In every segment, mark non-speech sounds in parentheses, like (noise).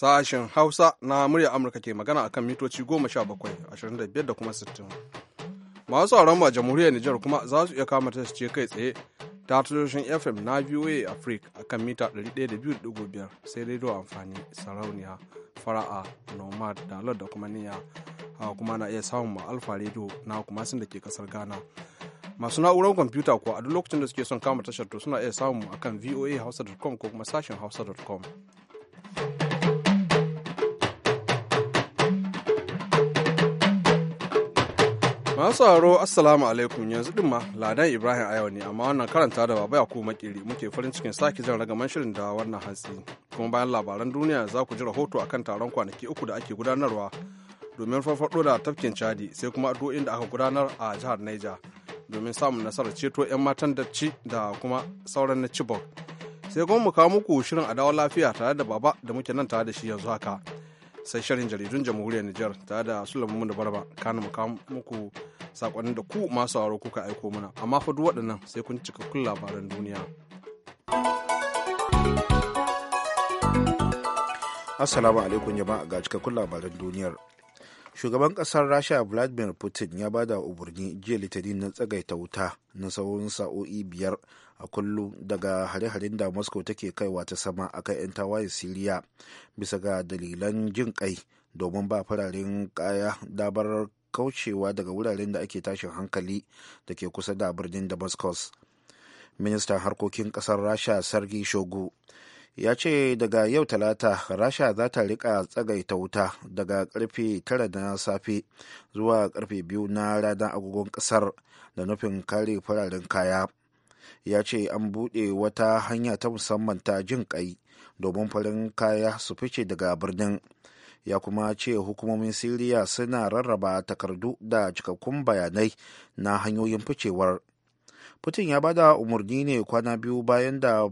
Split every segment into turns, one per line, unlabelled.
Sashen Hausa na murya Amurka ke magana akan mitoci bakwai 25 da kuma 60. Masu sauran ba jamhuriyar Nijar kuma za su iya kama ta ce kai tsaye ta tashoshin FM na VOA Africa akan mita 102.5 sai rediyo amfani sarauniya fara'a nomad dalar da kuma niya hawa kuma na iya samun ma alfa rediyo na kuma sun da ke kasar Ghana. masu na'urar kwamfuta kuwa a duk lokacin da suke son kama tashar to suna iya samun akan hausa.com ko kuma sashen hausa.com. Masu haro Assalamu alaikum yanzu din ma Ladan Ibrahim Ayawa ne amma wannan karanta da baba ko makiri muke farin cikin sake jan ragaman shirin da wannan hantsi kuma bayan labaran duniya za ku ji rahoto akan taron kwanaki uku da ake gudanarwa domin farfaɗo da tafkin Chadi sai kuma addu'o'in da aka gudanar a jihar Niger domin samun nasarar ceto 'yan matan da ci da kuma sauran na Chibok. Sai kuma mu kawo muku shirin adawa lafiya tare da baba da muke nan tare da shi yanzu haka. sai shirin jaridun jamhuriyar Nijar tare da Sulaiman Barba kana mu kawo muku sakonin da ku masu aro kuka aiko mana amma fa duk waɗannan sai kun cikakkun labaran duniya
assalamu alaikum jama'a ga cikakkun labaran duniyar shugaban kasar rasha vladimir putin ya bada umarni jiya litinin na tsagaita wuta na sauran sa'o'i biyar a kullum daga hare-haren da moscow take kaiwa ta sama akan 'yan tawayen siriya bisa ga dalilan jin kai domin ba fararen kaya dabar kaucewa daga wuraren da ake tashin hankali da ke kusa da birnin damascus ministan harkokin kasar rasha sargi shogu ya ce daga yau talata rasha za ta rika tsagaita wuta daga karfe 9 na safe zuwa karfe 2 na ranar agogon kasar da nufin kare fararen kaya ya ce an buɗe wata hanya ta musamman ta jin kai domin farin kaya su fice daga birnin ya kuma ce hukumomin siriya suna rarraba takardu da cikakkun bayanai na hanyoyin ficewar putin ya bada umarni ne kwana biyu bayan da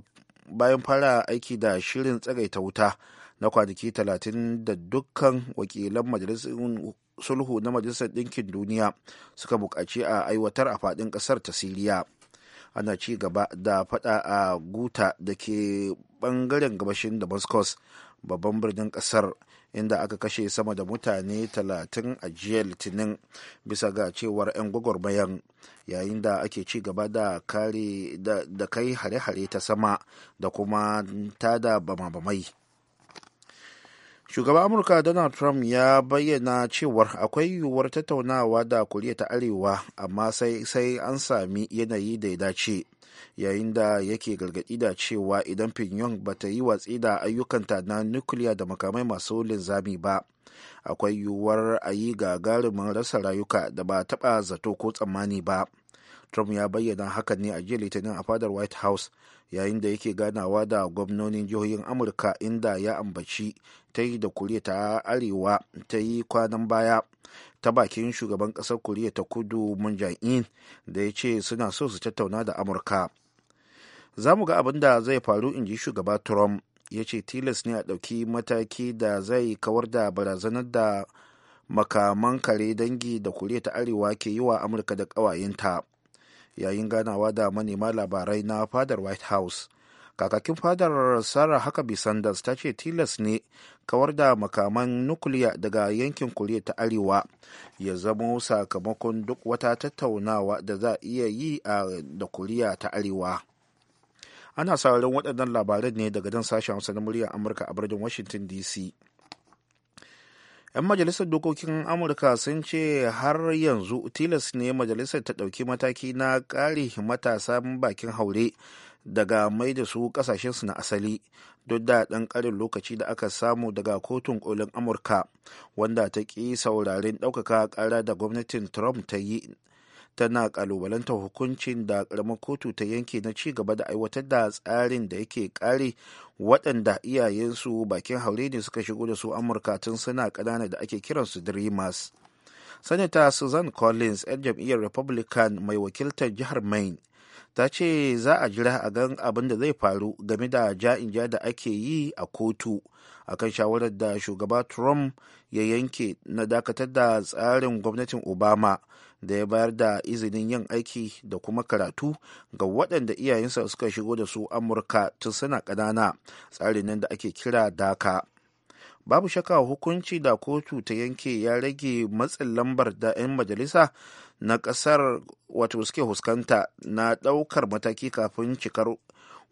bayan fara aiki da shirin tsagaita wuta na kwanaki talatin da dukkan wakilan majalisar sulhu na majalisar ɗinkin duniya suka buƙaci a aiwatar a faɗin ƙasar ta siriya ana ci gaba da faɗa a guta da ke ɓangaren gabashin damascus babban birnin ƙasar inda aka kashe sama da mutane 30 a jiya litinin bisa ga cewar 'yan gwagwarmayan yayin da ake ci gaba da kare da kai hare-hare ta sama da kuma tada bama-bamai shugaban amurka donald trump ya bayyana cewar akwai yiwuwar tattaunawa da koriya ta arewa amma sai an sami yanayi da ya dace yayin da yake gargaɗi da cewa idan pyongyang ba ta yi watsi da ayyukanta na nukiliya da makamai masu linzami ba akwai yiwuwar a yi gagarumin rasa rayuka da ba taɓa zato ko tsammani ba trump ya bayyana hakan ne a jiya litinin a fadar white house yayin da yake ganawa da gwamnonin jihohin amurka inda ya ambaci ta yi da koriya ta arewa ta yi kwanan baya ta bakin shugaban kasar koriya ta kudu mun da ya ce suna so su tattauna da amurka za mu ga abin da zai faru in ji shugaba trump ya ce tilas ne a ɗauki mataki da zai kawar da barazanar da makaman kare dangi da koriya ta arewa ke yi wa amurka da ƙawayenta yayin ganawa da manema labarai na fadar white house kakakin fadar sarah huckabee sanders ta ce tilas ne kawar da makaman nukuliya daga yankin koriya ta arewa ya zamo sakamakon duk wata tattaunawa da za a iya yi a da koriya ta arewa ana sauran waɗannan labaran ne daga dan sashen hausa na muryar amurka a birnin washington dc 'yan majalisar dokokin amurka sun ce har yanzu tilas ne majalisar ta ɗauki mataki na ƙari matasan bakin haure daga mai da su kasashensu na asali duk da ɗan ƙarin lokaci da aka samu daga kotun kolin amurka wanda ta ƙi sauraren ɗaukaka ƙara da gwamnatin trump ta yi tana kalubalanta hukuncin da karamar kotu ta yanke na ci gaba da aiwatar da tsarin da yake kare waɗanda iyayensu bakin haure ne suka shigo da su amurka tun suna ƙanana da ake kiransu dreamers sanata susan collins 'yan jam'iyyar republican mai wakiltar jihar maine ta ce za a jira a gan abin da zai faru game da ja'in ja da ake yi a kotu a kan shawarar da shugaba trump ya yanke na dakatar da tsarin gwamnatin obama da ya bayar da izinin yin aiki da kuma karatu ga waɗanda iyayensa suka shigo da su amurka tun suna ƙanana tsarin nan da ake kira daka babu shakka hukunci da kotu ta yanke ya rage matsin lambar da 'yan majalisa na ƙasar wato suke huskanta na ɗaukar mataki kafin cikar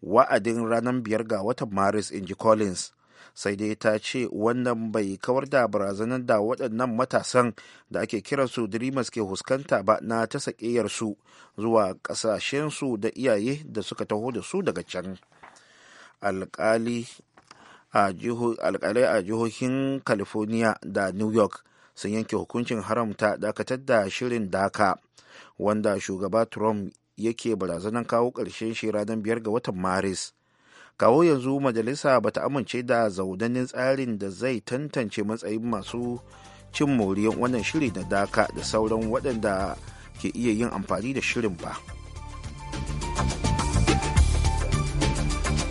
wa'adin ranar biyar ga watan maris in ji collins sai dai ta ce wannan bai kawar da barazanar da waɗannan matasan da ake kiransu dreamers ke huskanta ba na ta su zuwa ƙasashensu da iyaye da suka taho da su daga can alƙalai a jihohin california da new york sun yanke hukuncin haramta dakatar da shirin daka wanda shugaba trump yake barazanar kawo ƙarshen shi ranar biyar ga watan maris kawo yanzu majalisa bata amince da zaunanin tsarin da zai tantance matsayin masu cin moriyar wannan shiri na daka da sauran waɗanda ke iya yin amfani da shirin ba.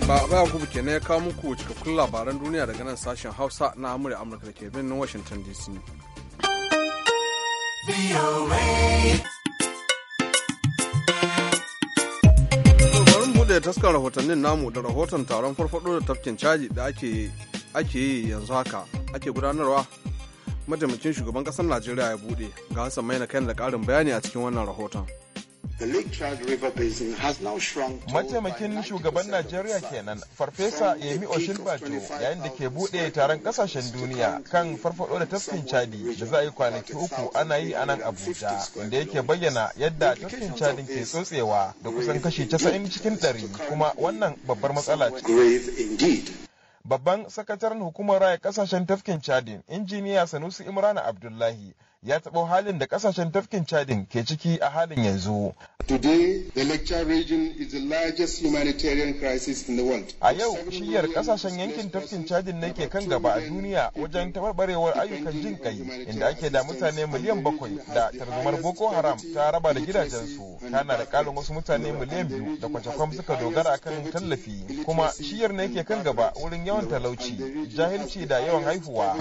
ba ba ku ke ya kawo muku cikakkun labaran duniya daga nan sashen hausa na amurka amurka da ke birnin washington dc da taskar rahotannin namu da rahoton taron farfado da tafkin caji da ake yi yanzu haka ake gudanarwa mataimakin shugaban ƙasar najeriya ya buɗe ga hassan maina kai da ƙarin bayani a cikin wannan rahoton
Mataimakin shugaban Najeriya kenan Farfesa Yemi Oshilbajo yayin da ke buɗe taron ƙasashen duniya kan farfaɗo da tafkin Chadi da za a yi kwanaki uku ana yi a nan Abuja inda yake bayyana yadda tafkin Chadi ke tsotsewa da kusan kashi 90 cikin 100 kuma wannan babbar matsala ce. Babban sakataren hukumar raya ƙasashen tafkin Chadi injiniya Sanusi Imrana Abdullahi, ya taɓo halin da ƙasashen tafkin Chadin ke ciki a halin yanzu. A yau, shiyar ƙasashen yankin tafkin Chadin na ke kan gaba a duniya wajen tabarbarewar ayyukan jin kai inda ake da mutane miliyan bakwai da tarzumar Boko Haram ta raba da gidajensu. Kana da ƙarin wasu mutane miliyan biyu da kwacakwam suka dogara kan tallafi. Kuma shiyar na ke kan gaba wurin yawan talauci, jahilci da yawan haihuwa.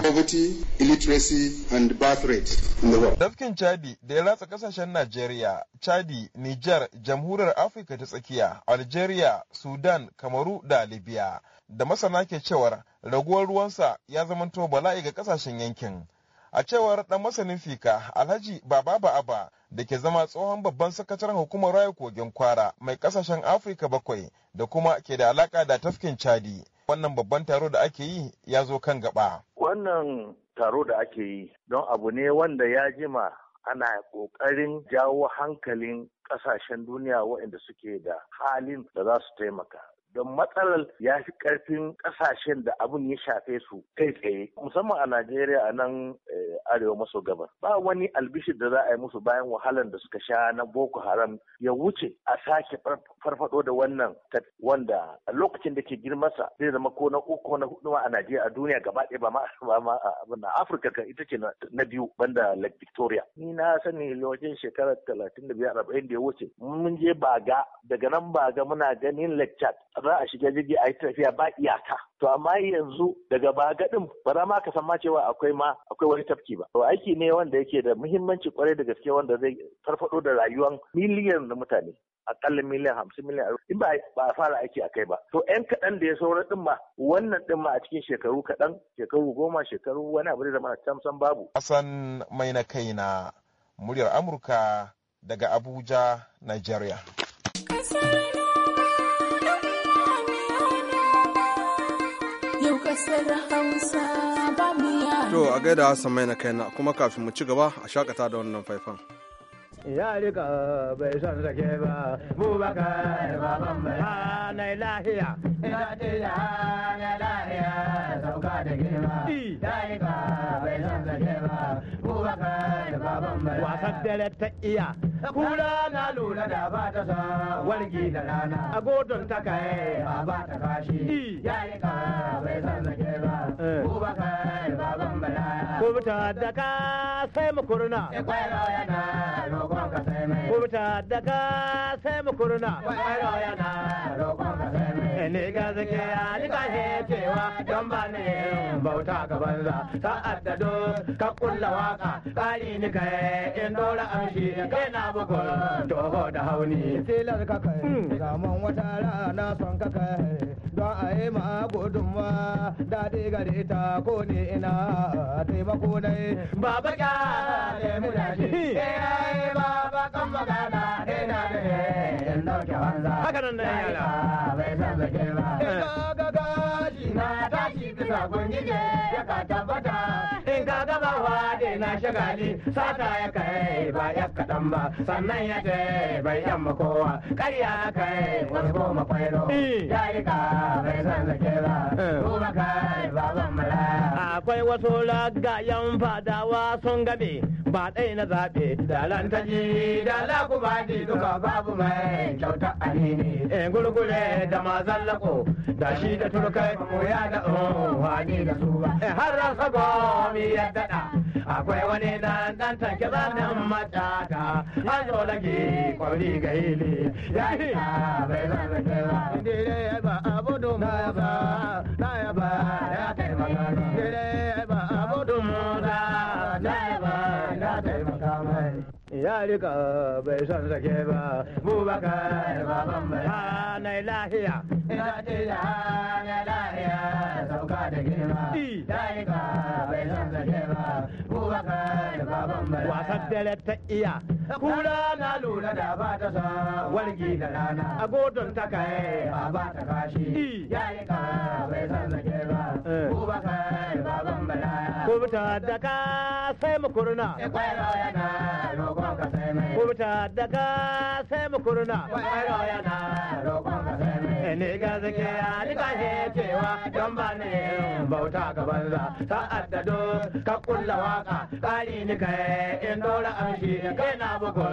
illiteracy and birth Dafkin Chadi da ya ratsa kasashen Najeriya, Chadi, Nijar, Jamhuriyar Afirka ta tsakiya, Algeria, Sudan, Kamaru da Libya. Da masana ke cewar raguwar ruwansa ya zamanto bala'i ga kasashen yankin. A cewar dan masanin fika Alhaji Baba Ba'aba da ke zama tsohon babban sakataren hukumar raya kogin kwara mai kasashen Afirka bakwai da kuma ke da alaka da tafkin Chadi. Wannan babban taro da ake yi ya zo kan
gaba. Wannan taro da ake yi don abu ne wanda ya jima ana ƙoƙarin jawo hankalin ƙasashen duniya waɗanda suke da halin da za su taimaka don matsalar ya fi karfin kasashen da abin ya shafe su kai tsaye musamman a najeriya a nan eh, arewa maso gabas ba wani albishir da za a yi musu bayan wahalar da suka sha na boko haram ya wuce a sake farfado da wannan wanda a lokacin da ke girmasa zai zama ko na uku ko na hudu a najeriya a duniya gaba ɗaya ba ma a afirka kan ita ce na biyu banda lake victoria ni na sani lokacin shekarar talatin da biyar arba'in da ya wuce mun je baga daga nan baga muna ganin lake chad za a shiga jirgi a yi tafiya ba iyaka to amma yanzu daga bagadin ba za ma ka san ma cewa akwai ma akwai wani tafki ba to aiki ne wanda yake da muhimmanci kwarai da gaske wanda zai farfaɗo da rayuwar miliyan na mutane akalla miliyan hamsin miliyan arba'in in ba a fara aiki a kai ba to yan kaɗan da ya saura ɗin ma wannan ɗin ma a cikin shekaru kaɗan shekaru goma shekaru wani abu da zama samsam babu.
Hassan mai na kai na muryar Amurka daga Abuja, Nigeria.
To
a gaida Hassan mai na kaina kuma kafin mu ci gaba a shakata da wannan faifan.
Ya rika bai son sake ba, bubakar baban bai. Ha na ilahiya, ina ta ya ha na ilahiya. ya sauka da girma dalika bai san zage ba bubakar baban bala wasan dare ta iya kula na lura da ba ta sa wargi da rana a godon ta kai a ba ta kashi dalika bai san zage ba eh. bubakar baban bala ko kubuta da ka sai mu kurna eh, kwairo na roƙon ka sai mai kubuta da ka sai mu kurna kwairo na roƙon ka sai ne gaskiya ni ka cewa don ba ne bauta ga banza sa'ad da do ka kulla waka kari ni ka in dora amshi kai na bugun toho da hauni tilar ka kai zaman wata rana son ka kai don a yi ma da daɗi gare ta ko ne ina taimako ne baba ka ne da shi eh baba kan magana dauke wanza haka nan da yala bai san zake ba ga ga ga shi na tashi bisa gunjije ya ka tabbata gamawa da na shagali sata ya kai ba ya kaɗan ba sannan ya ce bai yamma kowa karya kai wasu goma kwairo eh. ya rika bai san da kera kuma eh. kai ba zan malaya. akwai wasu ragayen fadawa sun gabe ba ɗai na zaɓe da lantaji da lakubadi duka babu mai kyauta anini eh, gulgule da mazallako da shi da turkai mu ya da tsohon wani da su ba har rasa gomi ya dada akwai wani nan dan tanke zanen matata an zo lagi kwari ga hili ya yi ta bai zan kai ba dire ba abu dum da ba da ya ba ya taimaka dire ya ba abu dum ya ba ya taimaka ya rika bai ba bubakar baban bai ha na lahiya ina ya ya sauka da girma ba yi ka bai san ba baban bala wasan dare ta iya kura na lura da ba ta sa wargi da rana a godon ta kai ba ba ta kashi ya yi ka bai san zage ba bubakar eh. baban bala kubuta da ka sai mu eh, roƙon ka sai mai da ka sai mu eh, roƙon ka sai ne gaske ni ka cewa don ba ne bauta ga banza sa'ad da ka kulla waka kari ni kai in dora amshi kai na bugu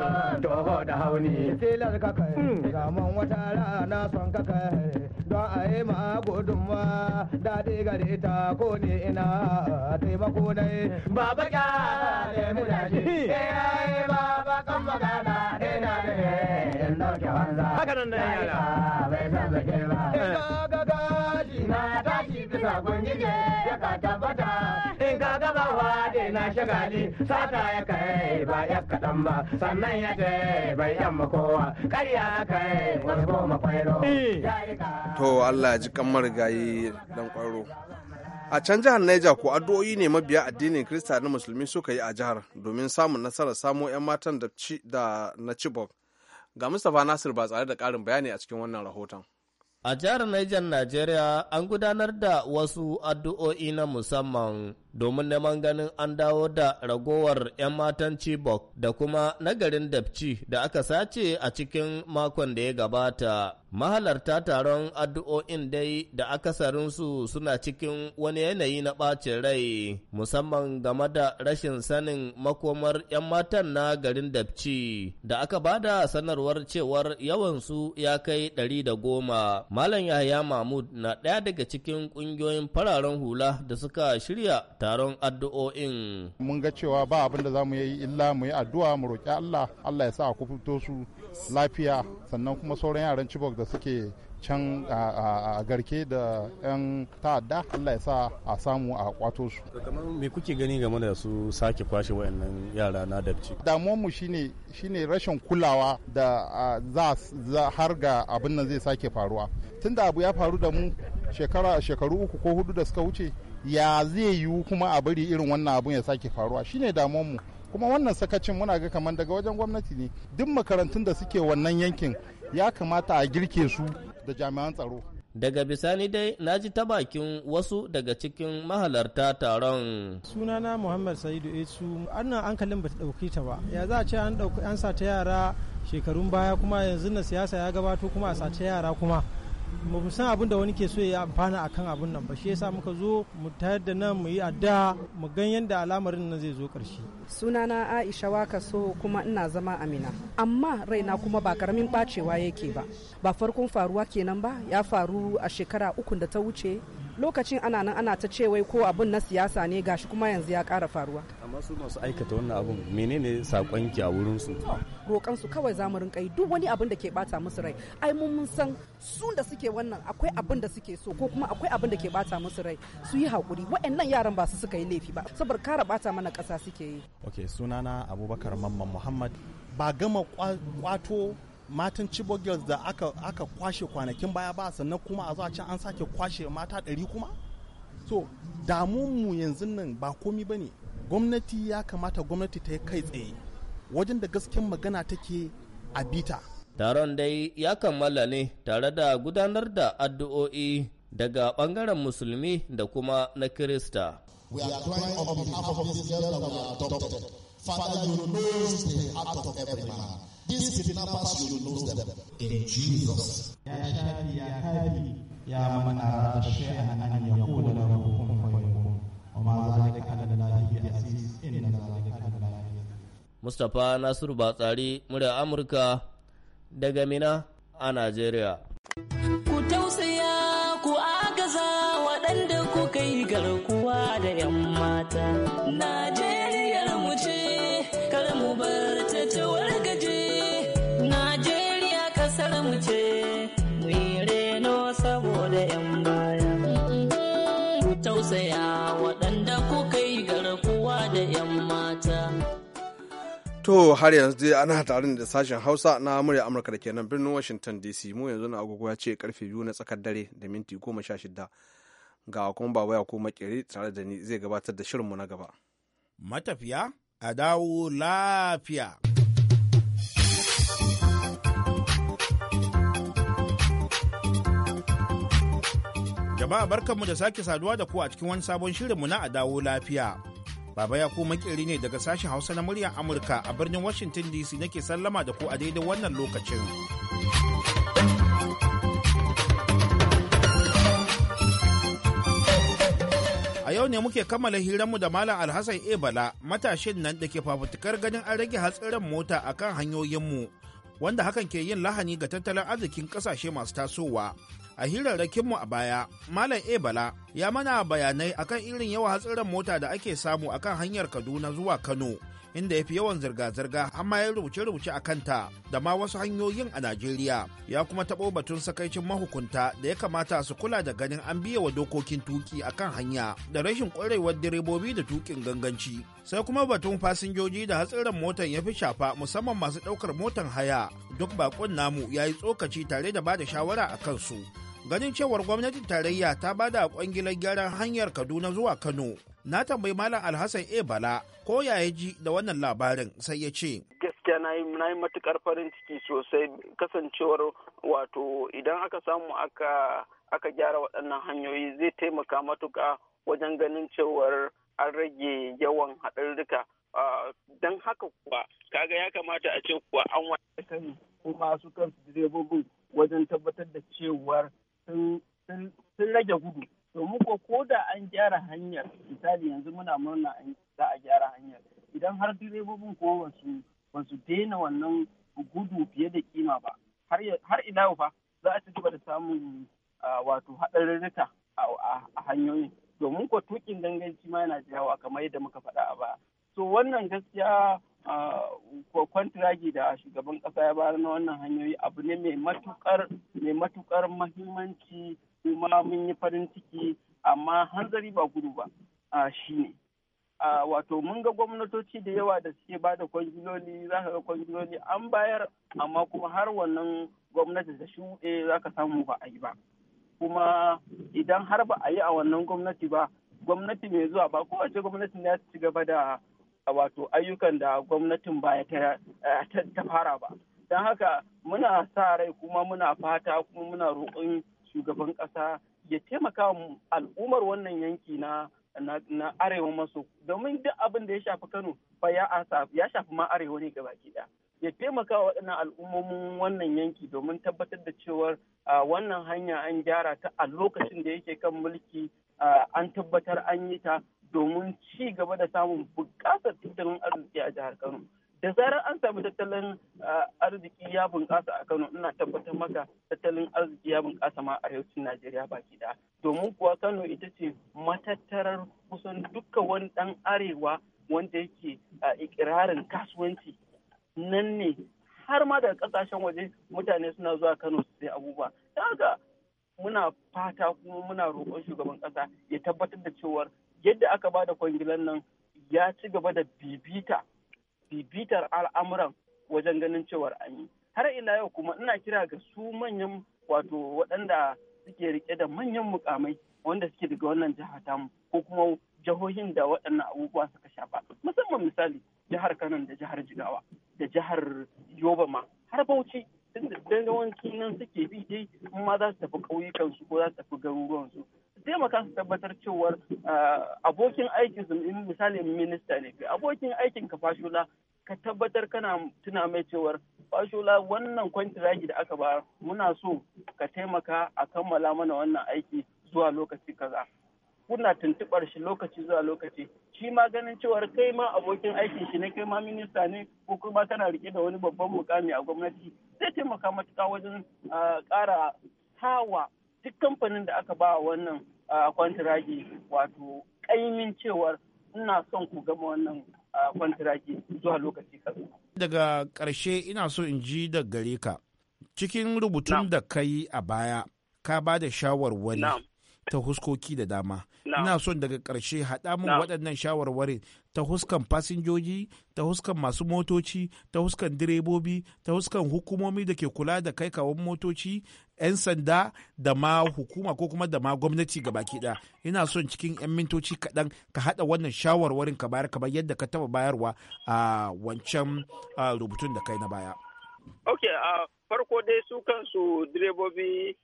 toho da hauni tilar ka kai ramon wata rana son ka kai don a yi ma gudunma daɗi gare ta ko ne ina taimako yi. baba ya ne mu da eh baba kan magana haka nan nan yara bai san in ka ga gashi tashi bisa gungije ya tabbata in ka ga ba wade na shagali sata ya kai ba ya kaɗan ba sannan ya ce bai yamma kowa karya kai wasu goma kwairo
to Allah A can jihar Niger ko addu'o'i ne mabiya addinin Kirista na Musulmi suka yi a jihar domin samun nasarar samo 'yan matan da na Chibok Ga Mustapha Nasir ba tsare da ƙarin bayani a cikin wannan rahoton.
A jihar Niger Najeriya an gudanar da wasu addu'o'i na musamman domin neman ganin an dawo da ragowar 'yan matan Chibok da kuma nagarin dabci da aka sace a cikin makon da ya gabata. Mahalarta taron addu'o'in dai da akasarinsu suna cikin wani yanayi na ɓacin rai, musamman game da rashin sanin makomar 'yan matan na garin Dapci da aka bada sanarwar cewar yawansu ya kai ɗari da goma. Malam Yahaya Mahmud na ɗaya daga cikin ƙungiyoyin fararen hula da suka
shirya taron addu'o'in. Mun ga cewa ba abin da za mu yi illa mu yi addu'a mu roƙi Allah, Allah ya sa a fito su lafiya sannan kuma sauran yaran Chibok da suke can a garke da 'yan ta'adda Allah ya sa a samu a kwato su. me kuke gani game da su sake kwashe wayannan yara na dabci damuwar mu shine shine rashin kulawa da za har ga abin nan zai sake faruwa tunda abu ya faru da mu shekara shekaru uku ko hudu da suka wuce ya zai yiwu kuma a bari irin wannan abun ya sake faruwa shine mu kuma wannan sakacin muna ga kamar daga wajen gwamnati ne duk makarantun da suke wannan yankin ya kamata a girke su da jami'an tsaro
daga bisani dai na ji ta bakin wasu daga cikin mahalarta taron
sunana muhammad sa'idu esu annan hankalin ba ta ɗauki ta ba ya za a ce an ɗauki yara shekarun baya kuma yanzu na siyasa ya gabato kuma a sata yara kuma mu san abin da wani ke so ya amfana kan abin nan ba shi yasa muka zo mu tayar da nan mu yi adda mu gan yadda al'amarin nan zai zo karshe
sunana Aisha waka so kuma ina zama Amina amma raina kuma ba karamin bacewa yake ba ba farkon faruwa kenan ba ya faru a shekara uku da ta wuce lokacin ana nan ana ta ce wai ko abun na siyasa ne gashi kuma yanzu ya kara faruwa amma su masu
aikata wannan abun menene sakon ki a
wurin su roƙan su kawai za mu yi duk wani abun da ke bata musu rai ai mun mun san su da suke wannan akwai abun da suke so ko kuma akwai abun da ke bata musu rai su yi hakuri waɗannan yaran ba su suka yi laifi ba saboda kara bata mana ƙasa suke yi
okay sunana Abubakar Mamman Muhammad ba gama kwato matan chibo girls da aka, aka kwashe kwanakin baya ba sannan kuma a zuwa can an sake kwashe mata ɗari kuma so damunmu yanzu nan ba komi ba ne gwamnati ya kamata gwamnati ta yi kai tsaye wajen da gasken magana take a bita
taron dai ya kammala ne tare da gudanar da addu'o'i daga bangaren musulmi da kuma na kirista
Father, you know the heart of every man. These kidnappers, you know them in Jesus. shafi
ya
Mustapha Nasiru Batsari, murya Amurka daga Mina a Najeriya.
Ku
tausaya ku agaza waɗanda
ku yi garkuwa da 'yan mata.
Najeriya.
To har yanzu dai ana tare da sashen Hausa na murya Amurka da kenan birnin Washington DC mu yanzu na agogo ya ce karfe biyu na tsakar dare da minti goma sha shida ga kuma baba ya ko makere tare da ni zai gabatar da shirinmu na gaba.
Matafiya
a dawo lafiya.
Jama'a barkanmu da sake saduwa da ku a cikin wani sabon shirinmu na a dawo lafiya. Baba ya ku makiri ne daga sashen Hausa na muryar Amurka a birnin Washington DC nake sallama da ku a daidai wannan lokacin. A yau ne muke kammala hiranmu da Malam Alhassan Ebala matashin nan da ke fafutukar ganin an rage hatsarin mota a kan hanyoyinmu wanda hakan ke yin lahani ga tattalin arzikin kasashe masu tasowa a hirarrakinmu a baya malam ebala ya mana bayanai akan irin yawa hatsarin mota da ake samu akan hanyar kaduna zuwa kano inda ya fi yawan zirga-zirga amma ya rubuce-rubuce a kanta da ma wasu hanyoyin a Najeriya. Ya kuma taɓo batun sakaicin mahukunta da ya kamata su kula da ganin an biya wa dokokin tuki a kan hanya da rashin ƙwarewar direbobi da tukin ganganci. Sai kuma batun fasinjoji da hatsarin motar ya fi shafa musamman masu ɗaukar motar haya. Duk Baƙon namu ya yi tsokaci tare da ba da shawara a kansu. Ganin cewar gwamnatin tarayya ta bada a kwangilar gyaran hanyar Kaduna zuwa Kano na tambayi malam alhassan e bala ko ya ji da wannan labarin sai ya ce
gaskiya na yi matukar farin ciki sosai kasancewar wato idan aka samu aka gyara waɗannan hanyoyi zai taimaka matuka wajen ganin cewar an rage yawan haɗarurruka don haka kuwa kaga ya kamata a ce kuwa an wata kan kuma su kansu direbobin wajen tabbatar da cewar sun rage gudu domin ko ko da an gyara hanyar misali yanzu muna murna za a gyara hanyar idan har direbobin ko wasu basu daina wannan gudu fiye da kima ba har ila fa za a ci gaba da samun wato haɗarurruka a hanyoyin domin ko tukin danganci ma yana jawa kamar yadda muka faɗa a baya so wannan gaskiya ko kwantiragi da shugaban ƙasa ya bayar na wannan hanyoyi abu ne mai matukar mai matukar mahimmanci kuma mun yi farin ciki amma hanzari ba gudu ba shi ne wato mun ga gwamnatoci da yawa da suke ba da kwangiloli za ka ga kwangiloli an bayar amma kuma har wannan gwamnati da shuɗe za ka samu ba a yi ba kuma idan har ba a yi a wannan gwamnati ba gwamnati mai zuwa ba kowace gwamnati ne ci gaba da wato ayyukan da gwamnatin baya ta fara ba don haka muna sa rai kuma muna fata kuma muna roƙon shugaban ƙasa ya taimaka al'ummar wannan yanki na na arewa maso domin duk abin da ya shafi kano fa ya shafi ma arewa ne gaba ɗaya ya taimaka wa waɗannan al'ummomin wannan yanki domin tabbatar da cewar wannan hanya an gyara ta a lokacin da yake kan mulki an tabbatar an yi ta domin ci gaba da samun buƙatar tattalin arziki a jihar kano da zarar an samu tattalin ah, arziki ya bunƙasa a Kano ina tabbatar maka tattalin arziki ya bunƙasa ma a arewacin Najeriya baki da domin kuwa Kano ita ce matattarar kusan dukkan wani ɗan arewa wanda yake ah, ikirarin kasuwanci nan ne har ma daga ƙasashen waje mutane suna zuwa Kano su sai abubuwa daga muna fata kuma muna roƙon shugaban ƙasa ya tabbatar da cewar yadda aka ba da kwangilan nan ya ci gaba da bibita bibitar al'amuran wajen ganin cewar an yi har ila yau kuma ina kira ga su manyan wato waɗanda suke rike da manyan mukamai wanda suke daga wannan jiha tamu ko kuma jihohin da waɗannan abubuwa suka shafa musamman misali jihar kano da jihar jigawa da jihar yoba ma har bauchi da yawanci nan suke bi dai in ma za su tafi ƙauyukansu ko za su tafi garuruwansu taimaka su tabbatar cewar ah, abokin aikin su misali minista ne abokin aikin ka fashula ka tabbatar kana tuna mai cewar fashula wannan kwantiragi da aka ba muna so ka taimaka a kammala mana wannan aiki zuwa lokaci kaza kuna tuntuɓar shi lokaci zuwa lokaci shi ma ganin cewar kai ma abokin aikin shi ne kai ma minista ne ko kuma tana rike da wani babban mukami a gwamnati zai taimaka matuka wajen ah, ƙara sawa duk kamfanin da aka ba wannan kwantiragi wato kaimin cewar ina son ku gama wannan kwantiragi zuwa lokaci kasu.
Daga ƙarshe ina so in ji da gare ka. Cikin rubutun da ka yi a baya, ka ba da shawarwari ta huskoki da dama. Ina son daga ƙarshe haɗa min waɗannan shawarwarin ta huskan fasinjoji ta huskan masu motoci ta huskan direbobi ta huskan hukumomi da ke kula da kai kawon motoci 'yan sanda da ma hukuma ko kuma da ma gwamnati baki ɗaya ina son cikin 'yan mintoci kaɗan ka haɗa wannan shawarwarin ka bayar kamar yadda ka taɓa bayarwa a wancan rubutun
da kai na baya
ok farko dai su kansu direbobi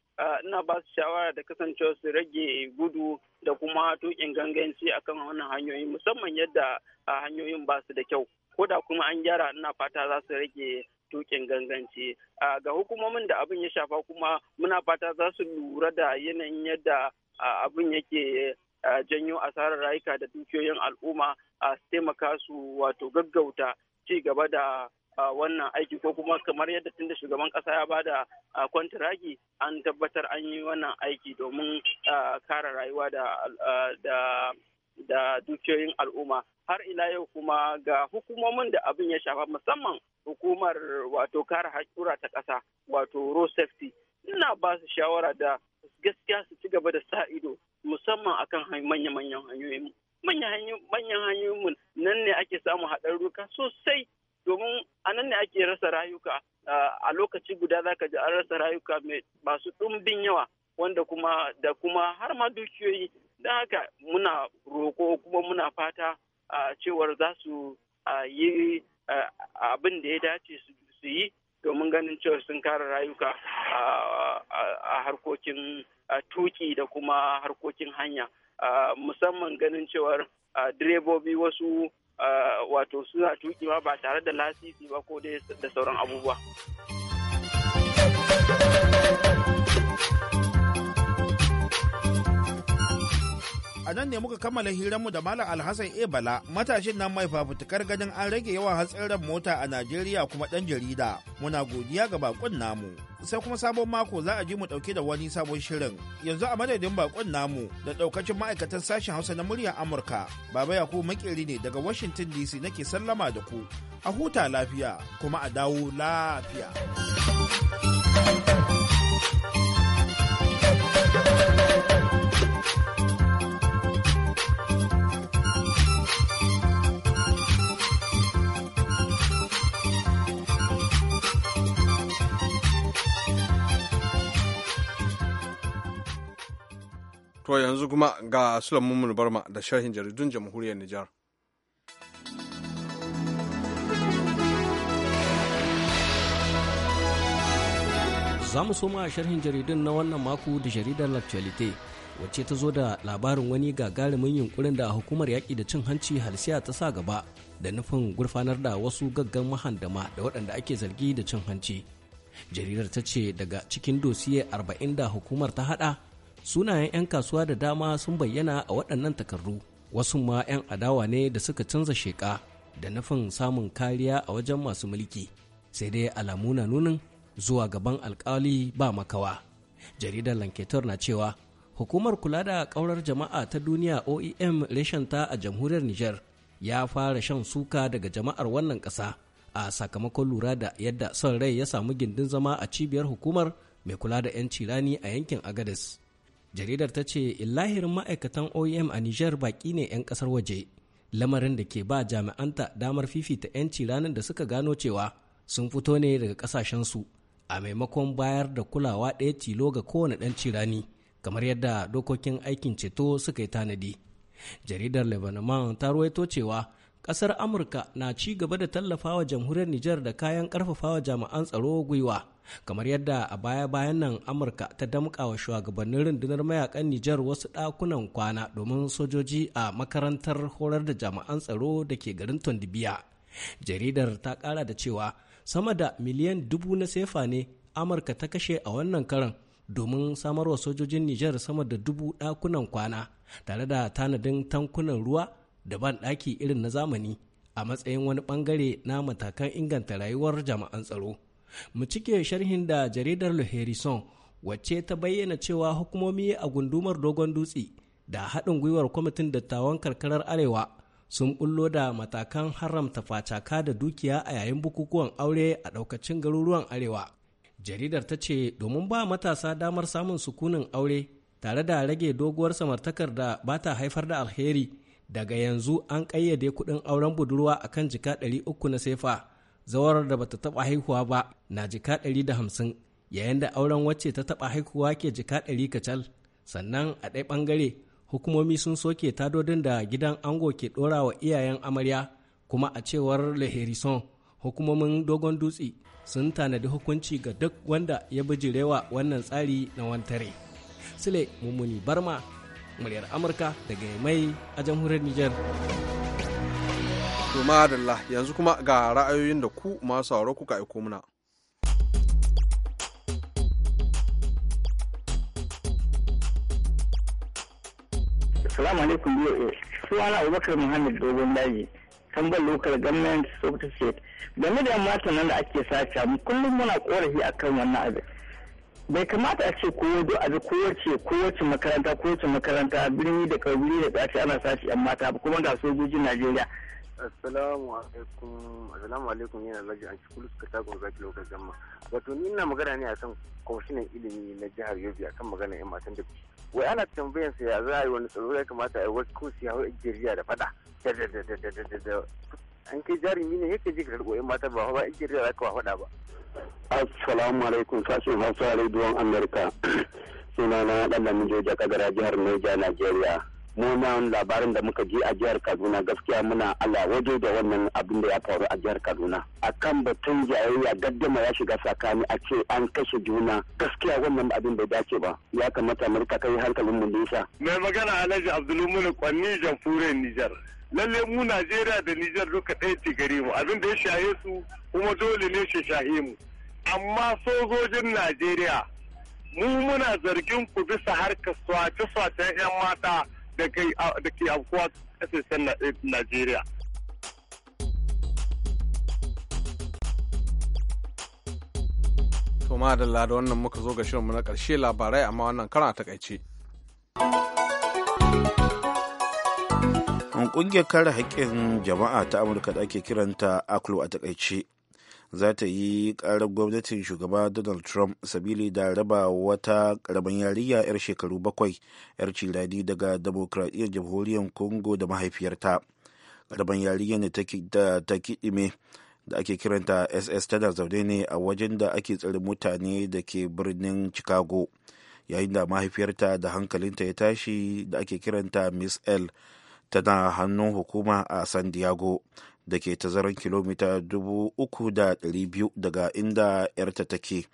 ina ba su shawara da kasancewa su rage gudu da kuma tukin ganganci akan wannan hanyoyi musamman yadda hanyoyin ba su da kyau ko da kuma an gyara ina fata za su rage tukin ganganci ga hukumomin da abin ya shafa kuma muna fata za su lura da yanayin yadda abin yake janyo asarar rayuka da dukiyoyin al'umma a taimaka su wato gaggauta ci gaba da wannan aiki ko kuma kamar yadda tunda shugaban kasa ya bada kwantiragi an tabbatar an yi wannan aiki domin kare rayuwa da da dukiyoyin al'umma har ila yau kuma ga hukumomin da abin ya shafa musamman hukumar wato kare haƙura ta ƙasa wato road safety ina ba su shawara da gaskiya su ci gaba da sa ido musamman akan manya-manyan hanyoyin manyan hanyoyin nan ne ake samun haɗarruka sosai domin a nan ne ake rasa rayuka a lokaci guda zaka ji an rasa rayuka mai masu ɗumbin yawa wanda kuma da kuma har ma dukiyoyi don haka muna roko kuma muna fata a cewar za su yi abin da ya dace su yi domin ganin cewar sun kare rayuka a harkokin tuki da kuma harkokin hanya musamman ganin cewar direbobi wasu wato su tuki ba tare da lasisi ba ko dai da sauran abubuwa.
a nan ne muka kammala hiranmu da Malam Alhassan Bala, matashin nan mai fafutukar ganin an rage yawan hatsarin mota a Najeriya kuma ɗan jarida. Muna godiya ga bakon namu. Sai kuma sabon mako za a ji mu ɗauke da wani sabon shirin. Yanzu a madadin bakon namu da ɗaukacin ma'aikatan sashen Hausa na muryar Amurka. Baba Yakubu Makeri ne daga Washington DC nake sallama da ku. A huta lafiya kuma a dawo lafiya.
To yanzu kuma ga Sulaiman Barma da sharhin jaridun jamhuriyar Nijar.
Za mu soma sharhin jaridun na wannan mako da jaridar L'Actualité wacce ta zo da labarin wani gagarumin yunkurin da hukumar yaƙi da cin hanci halsiya ta sa gaba da nufin gurfanar da wasu gaggan mahandama da waɗanda ake zargi da cin hanci. Jaridar ta ce daga cikin dosiye arba'in da hukumar ta haɗa sunayen 'yan kasuwa da dama sun bayyana a waɗannan takardu wasu ma 'yan adawa ne da suka canza sheƙa da nufin samun kariya a wajen masu mulki sai dai alamu na nunin zuwa gaban alkali ba makawa jaridar lanketor na cewa hukumar kula da kaurar jama'a ta duniya oem reshenta a jamhuriyar niger ya fara shan suka daga jama'ar wannan ƙasa a sakamakon lura da yadda son rai ya samu gindin zama a cibiyar hukumar mai kula da 'yanci rani a yankin agadis jaridar ta ce illahirin ma'aikatan oem a niger baki ne 'yan kasar waje lamarin da ke ba jami'anta damar fifita 'yanci ranar da suka gano cewa sun fito ne daga su a maimakon bayar da kulawa ɗaya tilo ga kowane ɗan cirani kamar yadda dokokin aikin ceto suka yi tanadi jaridar lebanon ta ruwaito cewa kasar amurka na ci gaba da tallafawa jamhuriyar nijar da kayan karfafawa jami'an tsaro gwiwa kamar yadda a baya-bayan nan amurka ta damƙa wa shugabannin rundunar mayakan nijar wasu ɗakunan kwana domin sojoji a makarantar horar da jami'an tsaro da ke garin tondibiya jaridar ta ƙara da cewa sama da miliyan dubu na sefa ne amurka ta kashe a wannan karan domin samarwa sojojin Nijar sama da dubu ɗakunan kwana tare da tanadin tankunan ruwa da ban ɗaki irin na zamani a matsayin wani ɓangare na matakan inganta rayuwar jama'an tsaro. Mu cike sharhin da jaridar Le Harrison wacce ta bayyana cewa hukumomi a gundumar Dogon Dutse da haɗin gwiwar kwamitin dattawan karkarar Arewa sun bullo da matakan haramta facaka da dukiya a yayin bukukuwan aure a ɗaukacin garuruwan Arewa. Jaridar ta ce domin ba matasa damar samun sukunin aure tare da rage doguwar samartakar da ba ta haifar da alheri. daga yanzu an kayyade kuɗin auren budurwa a kan jika 300 na sefa zawarar da bata taɓa haihuwa ba na jika 150 yayin da auren wacce ta taɓa haihuwa ke jika 100 kacal sannan a ɗaya ɓangare hukumomi sun soke tadodin da gidan ango ke ɗora wa iyayen amarya kuma a cewar le harrison hukumomin dogon dutse sun tanadi hukunci ga duk wanda ya bijirewa wannan tsari na wantare
sule mummuni barma muryar amurka daga mai a jamhuriyar niger to madalla yanzu kuma ga ra'ayoyin da ku masu sauro kuka aiko muna Assalamu alaikum BOA. Suwana
Abubakar Muhammad Dogon Daji, tambar Local Government Sokoto State. Game da matan nan da ake sace mu kullum muna korafi akan wannan abin. bai kamata a ce kowa duk a kowace kowace makaranta kowace makaranta birni da kabiri da tsaci ana sashi yan mata ba kuma ga sojojin Najeriya. Assalamu alaikum Assalamu alaikum yana laji an ci kulu suka tagon zaki lokacin jamma. Wato ni ina magana ne akan kwamishinan ilimi na jihar Yobe akan magana yan matan da wai ana tambayan sa ya za a yi wani tsaro ya kamata a yi wasu ko su yawo da fada da da da da da da an kai jari mini ne yake ji karɓo mata ba ba ake da zaka ba faɗa ba assalamu alaikum sashen hausa rediyon amurka (clears throat) suna na ɗan lamijo jaka kagara jihar Niger Najeriya mu labarin da muka ji a jihar Kaduna gaskiya muna ala waje da wannan abin da ya faru a jihar Kaduna akan batun jayayya gaddama ya shiga sakani a ce an kashe juna gaskiya wannan abin bai dace ba ya kamata Amurka kai hankalin mu nisa mai magana Alhaji Abdulmumin Kwanni jamfure Nijar lalle mu Najeriya da Nijar duka ɗaya ce gare mu abin da ya shahe su kuma dole ne shi shahe mu amma sojojin Najeriya mu muna zargin ku bisa harkar swace swace yan mata da ke afkuwa kasashen eh, Najeriya.
To ma da wannan muka zo ga shirinmu na ƙarshe labarai amma wannan a takaice.
Ƙungiyar kungiyar kare haƙƙin jama'a ta amurka da ake kiranta aclo a takaice za ta yi ƙarar gwamnatin shugaba donald trump sabili da raba wata ƙaramin yariya 'yar shekaru bakwai 'yar cirani daga demokradiyyar jamhuriyar congo da mahaifiyarta ƙaramin yariya ne ta kiɗime da ake kiranta ss tana zaune ne a wajen da ake tsare mutane da ke birnin chicago yayin da mahaifiyarta da hankalinta ya tashi da ake kiranta miss l tana hannun hukuma a san diego da ke tazaran kilomita 3,200 daga inda 'yarta take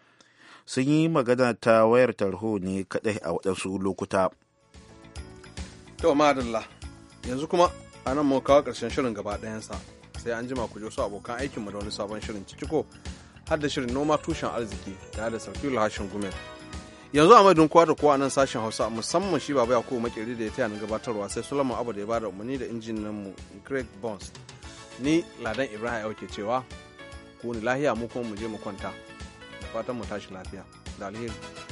sun yi magana ta wayar tarho ne kadai a waɗansu lokuta
to madalla yanzu kuma a nan mu kawo ƙarshen shirin gaba ɗayansa sai an jima ku je su abokan aikinmu da wani sabon shirin ciciko har da shirin noma tushen arziki tare da sarki hashin gumel yanzu a don kowa da kowa nan sashen hausa musamman shi baba yakubu makeri da ya taya na gabatarwa sai sulaiman abu da ya bada umarni da injinan mu greg bones ni ladan ibrahim ya ke cewa ku ni lahiya mu kuma mu je mu kwanta da fatan mu tashi lafiya da alheri